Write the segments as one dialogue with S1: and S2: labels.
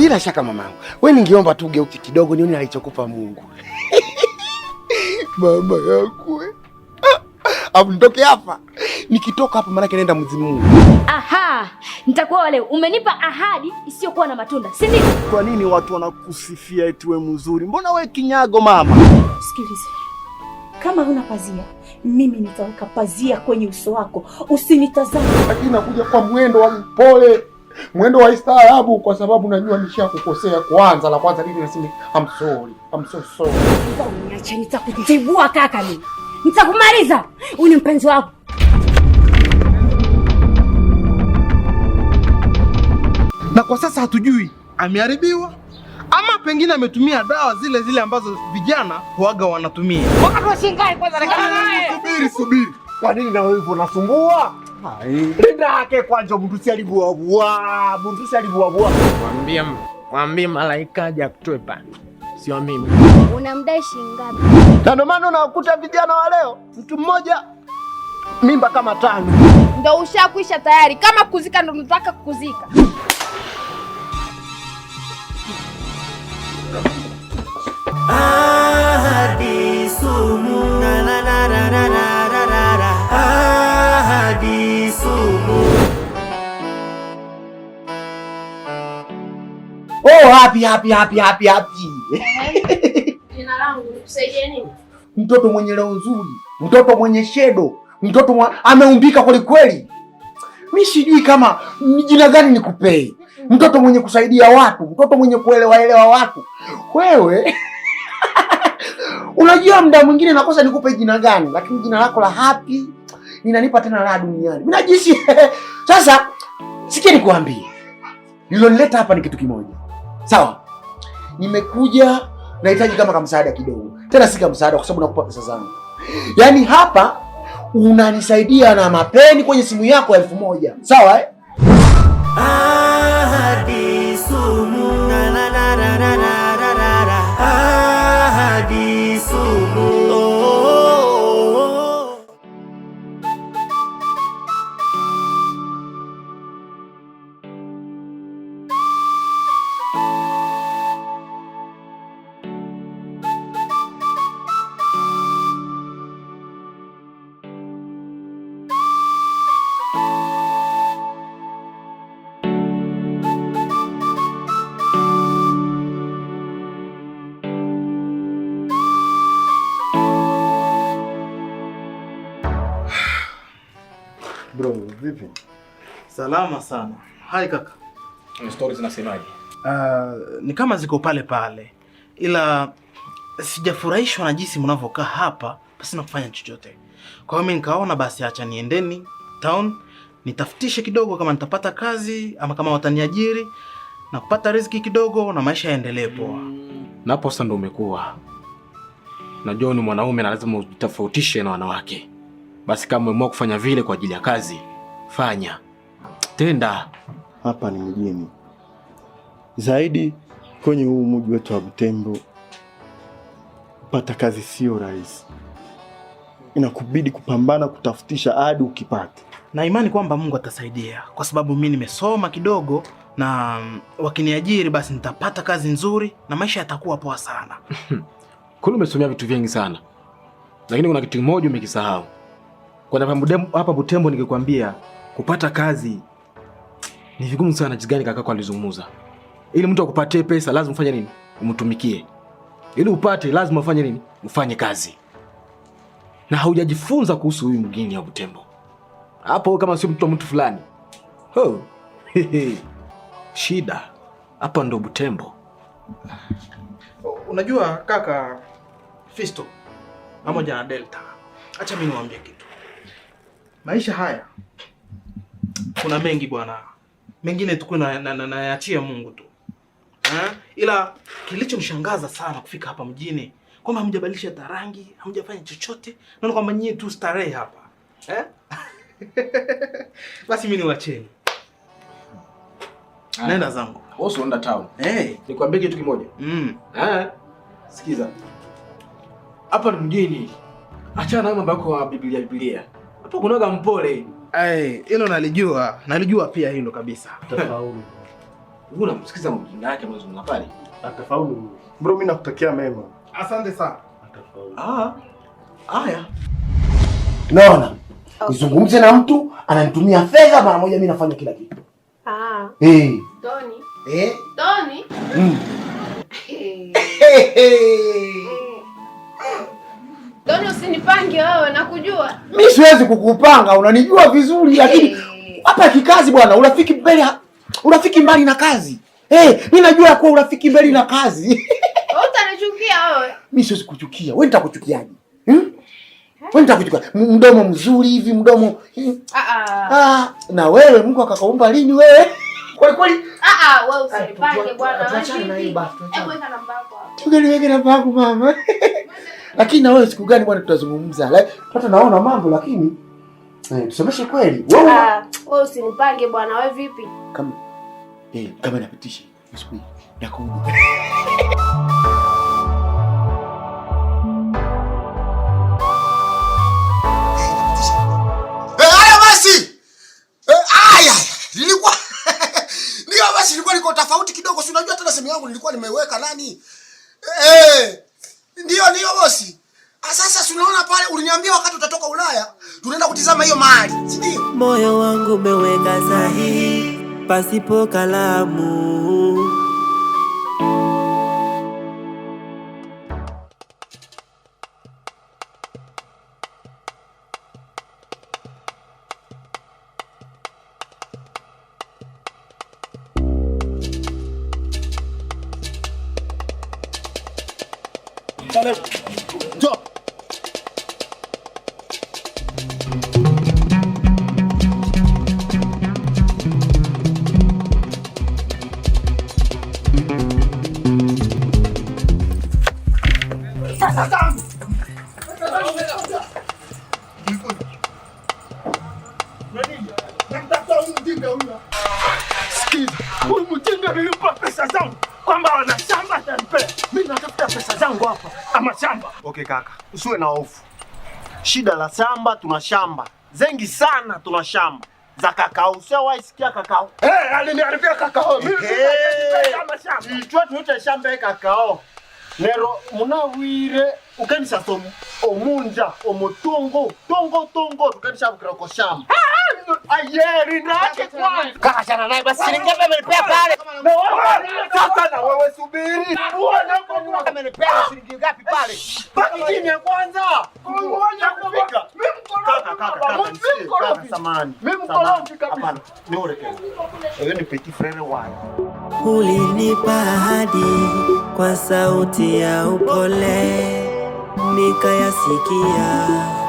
S1: Bila shaka mamangu, we ningeomba tu ugeuke kidogo nione alichokupa Mungu. Mama yangu ah, ah, afu hapa, nikitoka hapa maanake naenda mzimu.
S2: Aha, nitakuwa wale. Umenipa ahadi isiyokuwa na matunda, si ndio?
S1: Kwa nini watu wanakusifia eti we mzuri? Mbona we kinyago? Mama
S2: Sikilize, kama huna pazia mimi nitaweka pazia kwenye uso wako, usinitazame.
S1: Lakini nakuja kwa mwendo wa mpole mwendo wa istaarabu, kwa sababu najua kukosea Kwanza la kwanza lili nasimi I'm sorry, I'm so sorry.
S2: Uniache, nitakutibua kaka, mimi nitakumaliza. Huyu ni mpenzi wako.
S1: Na kwa sasa hatujui ameharibiwa ama pengine ametumia dawa zile zile ambazo vijana huaga wanatumia.
S3: Wakati wa shingai kwanza,
S1: subiri subiri. Kwa nini na wewe unasumbua? Lindake kwanja muntu sialivuavua, muntu sialivuavua.
S4: Mwambie, mwambie malaika aje akutoe pale. Sio mimi.
S2: Unamdai shilingi ngapi?
S1: Na ndio maana unawakuta vijana wa leo mtu mmoja mimba kama tano.
S2: Ndio ushakwisha tayari, kama kuzika ndio mnataka kuzika. Ah!
S1: Kisumu. Oh, hapi hapi hapi hapi hapi.
S2: Jina langu nikusaidie nini?
S1: Mtoto mwenye leo nzuri, mtoto mwenye shedo, mtoto mwa... ameumbika kweli kweli. Mi sijui kama jina gani nikupei. Mtoto mwenye kusaidia watu, mtoto mwenye kuelewa elewa watu. Wewe unajua, muda mwingine nakosa nikupe jina gani, lakini jina lako la hapi inanipa tena raha duniani. Mimi najisi sasa. Sikia nikuambie, Nilonileta hapa ni kitu kimoja, sawa? Nimekuja nahitaji kama kama msaada kidogo, tena si kama msaada, kwa sababu nakupa pesa zangu. Yaani hapa unanisaidia na mapeni kwenye simu yako elfu moja sawa eh? ah!
S4: Bro, vipi? Salama sana. Hai kaka.
S5: Stories zinasemaje?
S4: Uh, ni kama ziko pale pale, ila sijafurahishwa na jinsi mnavyokaa hapa basi na kufanya chochote. Kwa hiyo mimi nikaona basi acha niendeni town nitafutishe kidogo, kama nitapata kazi ama kama wataniajiri na kupata riziki kidogo, na maisha yaendelee poa.
S5: Napo sasa ndo umekuwa najua ni mwanaume na lazima utofautishe na wanawake basi kama umeamua kufanya vile kwa ajili ya kazi, fanya tenda. Hapa ni mjini, zaidi kwenye huu mji wetu wa Butembo, kupata kazi sio rahisi, inakubidi kupambana kutafutisha hadi ukipata,
S4: na imani kwamba Mungu atasaidia, kwa sababu mi nimesoma kidogo na mm, wakiniajiri basi nitapata kazi nzuri na maisha yatakuwa poa sana.
S5: Kule umesomea vitu vingi sana, lakini kuna kitu kimoja umekisahau. Kuna hapa Butembo nikikwambia kupata kazi ni vigumu sana. Jinsi gani kakako alizungumza, ili mtu akupatie pesa lazima ufanye nini? Umtumikie. Ili upate lazima ufanye nini? Ufanye kazi, na haujajifunza kuhusu huyu mgeni wa Butembo hapo, kama sio mtu wa mtu fulani ho. Shida hapa ndo Butembo.
S4: Unajua kaka Fisto pamoja na Delta, acha mimi niwaambie kitu maisha haya kuna mengi bwana, mengine tukuwe nayaachia na, na, na Mungu tu ha? Ila kilichomshangaza sana kufika hapa mjini kwamba hamjabadilisha hata rangi, hamjafanya chochote, naona kwamba nyinyi tu starehe hapa eh? Basi mimi niwacheni, nenda zangu
S5: unaenda town. Hey, eh. nikwambie kitu kimoja mm. Sikiza hapa ni mjini, achana na mambo yako ya Biblia Biblia hapo kunaga mpole.
S4: Eh, hilo nalijua. Nalijua pia hilo kabisa. Tafaulu. Wewe unamsikiza mjinga yake mwanzo pale.
S5: Atafaulu. Bro, mimi nakutakia mema. Asante sana.
S4: Atafaulu. Ah. Haya.
S1: Naona. Okay. Nizungumze na mtu ananitumia fedha mara moja, mimi nafanya kila kitu. Ah. Eh. Doni. Eh?
S2: Doni. Mm. Eh. Hey. Hey. Kwani usinipange wewe, nakujua.
S1: Mimi siwezi kukupanga, unanijua vizuri lakini eh. hapa kikazi bwana, urafiki mbele urafiki mbali na kazi. Eh, hey, mimi najua kwa urafiki mbele na kazi.
S2: Wewe utanichukia wewe.
S1: Mimi siwezi kuchukia. Wewe nitakuchukiaje? Hmm? Wewe nitakuchukia. Mdomo mzuri hivi, mdomo. Hmm?
S2: Ah, ah
S1: ah. Na wewe Mungu akakaumba lini wewe? Kwa kweli.
S2: Ah ah, wewe usinipange bwana. Hebu weka namba yako hapo.
S1: Tugeni weke namba yako mama. Lakini na wewe siku gani bwana tutazungumza? Like, naona mambo lakini eh, tusomeshe kweli. Wewe ah,
S2: wewe usinipange bwana, wewe vipi?
S1: Kama eh, kama napitisha siku usiku nakuona. Nilikuwa niko tofauti kidogo, si unajua tena sehemu yangu nilikuwa nimeweka nani? Eh, hiyo ndio bosi. Ah, sasa tunaona pale uliniambia wakati utatoka Ulaya tunaenda kutizama hiyo mahali, si ndio? Moyo wangu umeweka sahihi pasipo kalamu চলে tunatafuta pesa zangu hapa ama shamba. Okay kaka, usiwe na hofu, shida la shamba tuna shamba zengi sana, tuna shamba za kakao. Ushawahi sikia kakao? Eh, aliniharibia kakao. Mimi shamba shamba kakao nero munawire ukanisa somo omunja omotongo tongo tongo tukanishabukira kwa shamba ah! Kachana naye basi, shilingi ngapi amenipea pale? Sasa na wewe subiri. Amenipea shilingi ngapi pale? Baki kimya kwanza. Ulinipa ahadi kwa sauti ya upole nikayasikia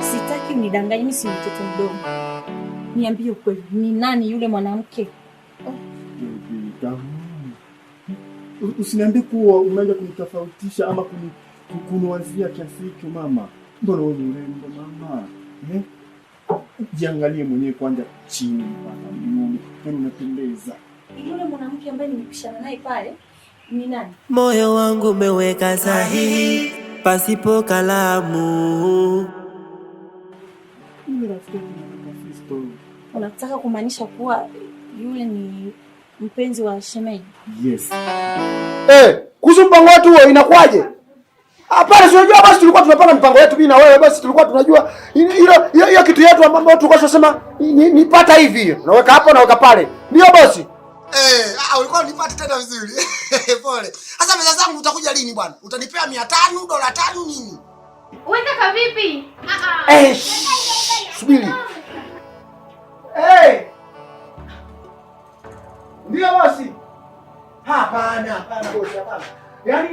S2: Sitaki unidanganye, mimi si mtoto mdogo. Niambie ukweli, ni nani yule mwanamke?
S1: Oh, Usiniambie kuwa umeanza kunitofautisha ama kuniwazia kiasi hicho mama. Mbona wewe mrembo mama? Eh? Jiangalie mwenyewe kwanza chini, yaani unapendeza.
S2: Yule mwanamke ambaye nimepishana naye pale Moyo wangu umeweka sahihi pasipo kalamu. Unataka kumaanisha kuwa yule ni mpenzi wa shemeji?
S1: Yes. Hey, eh, kuhusu mpango wetu huo inakuwaje? Hapana, si unajua basi tulikuwa tunapanga mpango wetu mimi na wewe basi tulikuwa tunajua hiyo hiyo kitu yetu ambayo tulikuwa tunasema nipata hivi hiyo. Naweka hapo naweka pale. Ndio basi. Eh, ah, ah, ulikuwa unipata tena vizuri. Pole. Sasa pesa zangu utakuja lini bwana? Utanipea 500, dola 5 nini? Uweka ka vipi? Ah, eh. Subiri. Eh. Ndio bosi. Hapana, hapana bosi, hapana. Yaani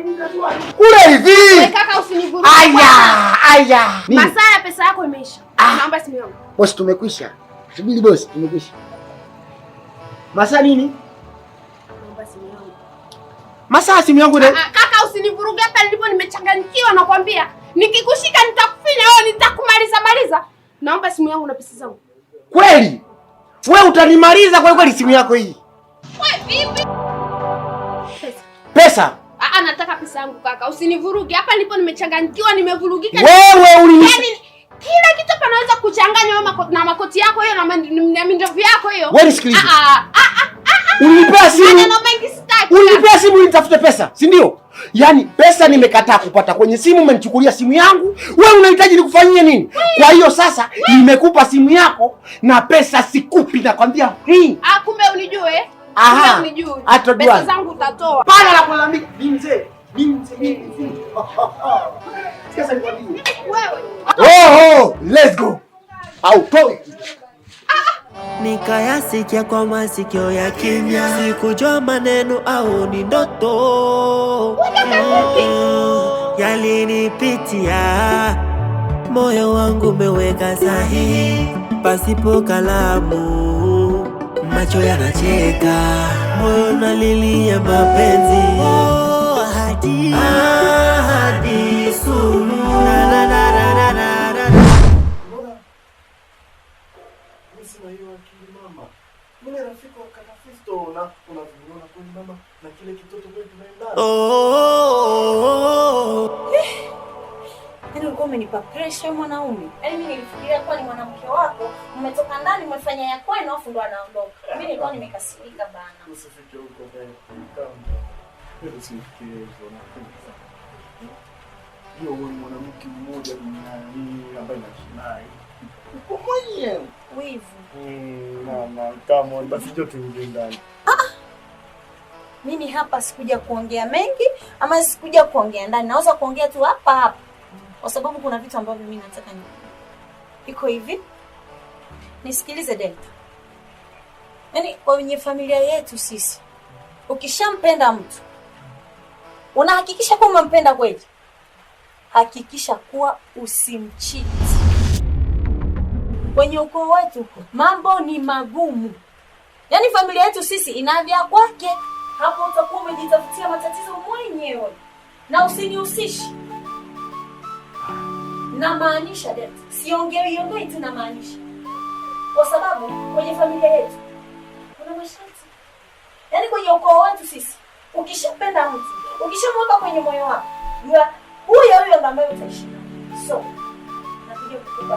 S1: Kule hivi. kaka usinigurume. Aya, aya. Masaya pesa yako imeisha. Naomba simu yangu. Bosi tumekwisha. Subiri bosi, tumekwisha. Masa nini? Masaa simu yangu ile. Ah, ah, kaka usinivuruge hapa nilipo nimechanganyikiwa nakwambia. Nikikushika nitakufinya wewe nitakumaliza maliza. Naomba simu yangu na pesa zangu. Kweli? Wewe utanimaliza kwa kweli simu yako hii. Wewe vipi? Pesa. Pesa. Ah, ah, nataka pesa yangu kaka. Usinivuruge hapa nilipo nimechanganyikiwa nimevurugika. Wewe uli Yaani kila kitu panaweza kuchanganywa na makoti yako hiyo na mindevu yako hiyo. Wewe nisikilize. Ah ah. Ulipea simu. Ulipea simu nitafute pesa, si ndio? Yaani pesa nimekataa kupata kwenye simu, umenichukulia simu yangu. Wewe unahitaji nikufanyie nini? Kwa hiyo sasa nimekupa simu yako na pesa sikupi, nakwambia hii. Ah, kumbe unijue. Aha. Unijue. Pesa zangu utatoa. Pana la kulalamika, ni mzee. Ni mzee. Sasa nikwambie. Wewe. oh, let's go. Au toi nikayasikia kwa masikio ya kimya, sikujua maneno au ni ndoto yalinipitia. Moyo wangu umeweka sahihi pasipo kalamu, macho yanacheka, moyo nalilia mapenzi na oh, oh, oh, eh, Yaani ulikuwa umenipa pressure mwanaume. Yaani mimi nilifikiria kwa ni mwanamke wako, mmetoka ndani mmefanya ya kwenu afu ndo anaondoka. Mimi nilikuwa nimekasirika bana. Usifike huko mbele. hiyo wewe mwanamke mmoja duniani ambaye nakinai. Uko mwenyewe. Wivu. mama, hmm, come on, basi jo tuingie ndani mimi hapa sikuja kuongea mengi ama sikuja kuongea ndani, naweza kuongea tu hapa hapa, kwa sababu kuna vitu ambavyo mimi nataka ni iko hivi. Nisikilize Delta, yaani kwenye familia yetu sisi, ukishampenda mtu unahakikisha kuwa umempenda kweli, hakikisha kuwa usimchiti. Kwenye ukoo wetu mambo ni magumu, yaani familia yetu sisi inavya kwake hapo utakuwa umejitafutia matatizo mwenyewe na usinihusishi. Namaanisha dad, siongeiongei tu, maanisha kwa sababu kwenye familia yetu kuna masharti, yaani kwenye ukoo wetu sisi, ukishapenda mtu, ukishamweka kwenye moyo wako, jua huyo huyo ambaye utaishi so napiga kukupa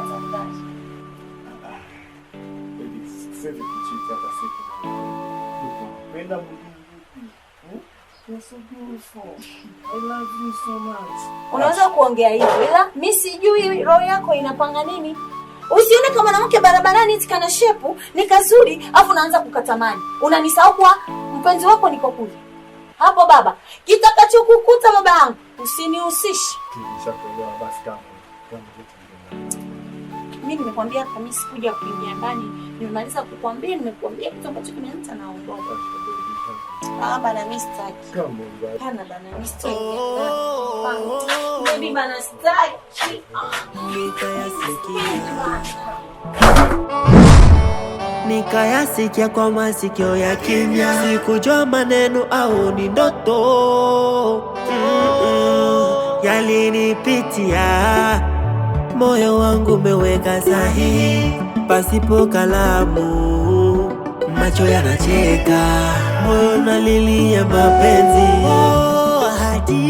S1: ah, Tupenda penda Unaweza kuongea hivyo, ila mi sijui roho yako inapanga nini. Usione kama mwanamke barabarani tikana shepu ni kazuri, afu naanza kukatamani. Unanisahau kwa mpenzi wako niko kule hapo. Baba, kitakachokukuta baba yangu usinihusishi. Mi nimekwambia kamisi kuja kuingia ndani, nimemaliza kukwambia, nimekuambia kitu ambacho kimeanza naondoka Ah, oh, oh, oh, Nikayasikia kwa masikio ya kimya, sikujua maneno au ni ndoto. Yalinipitia moyo wangu umeweka sahihi pasipo kalamu, macho yanacheka moyo nalilia mapenzi, ahadi,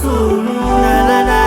S1: oh, ahadi na.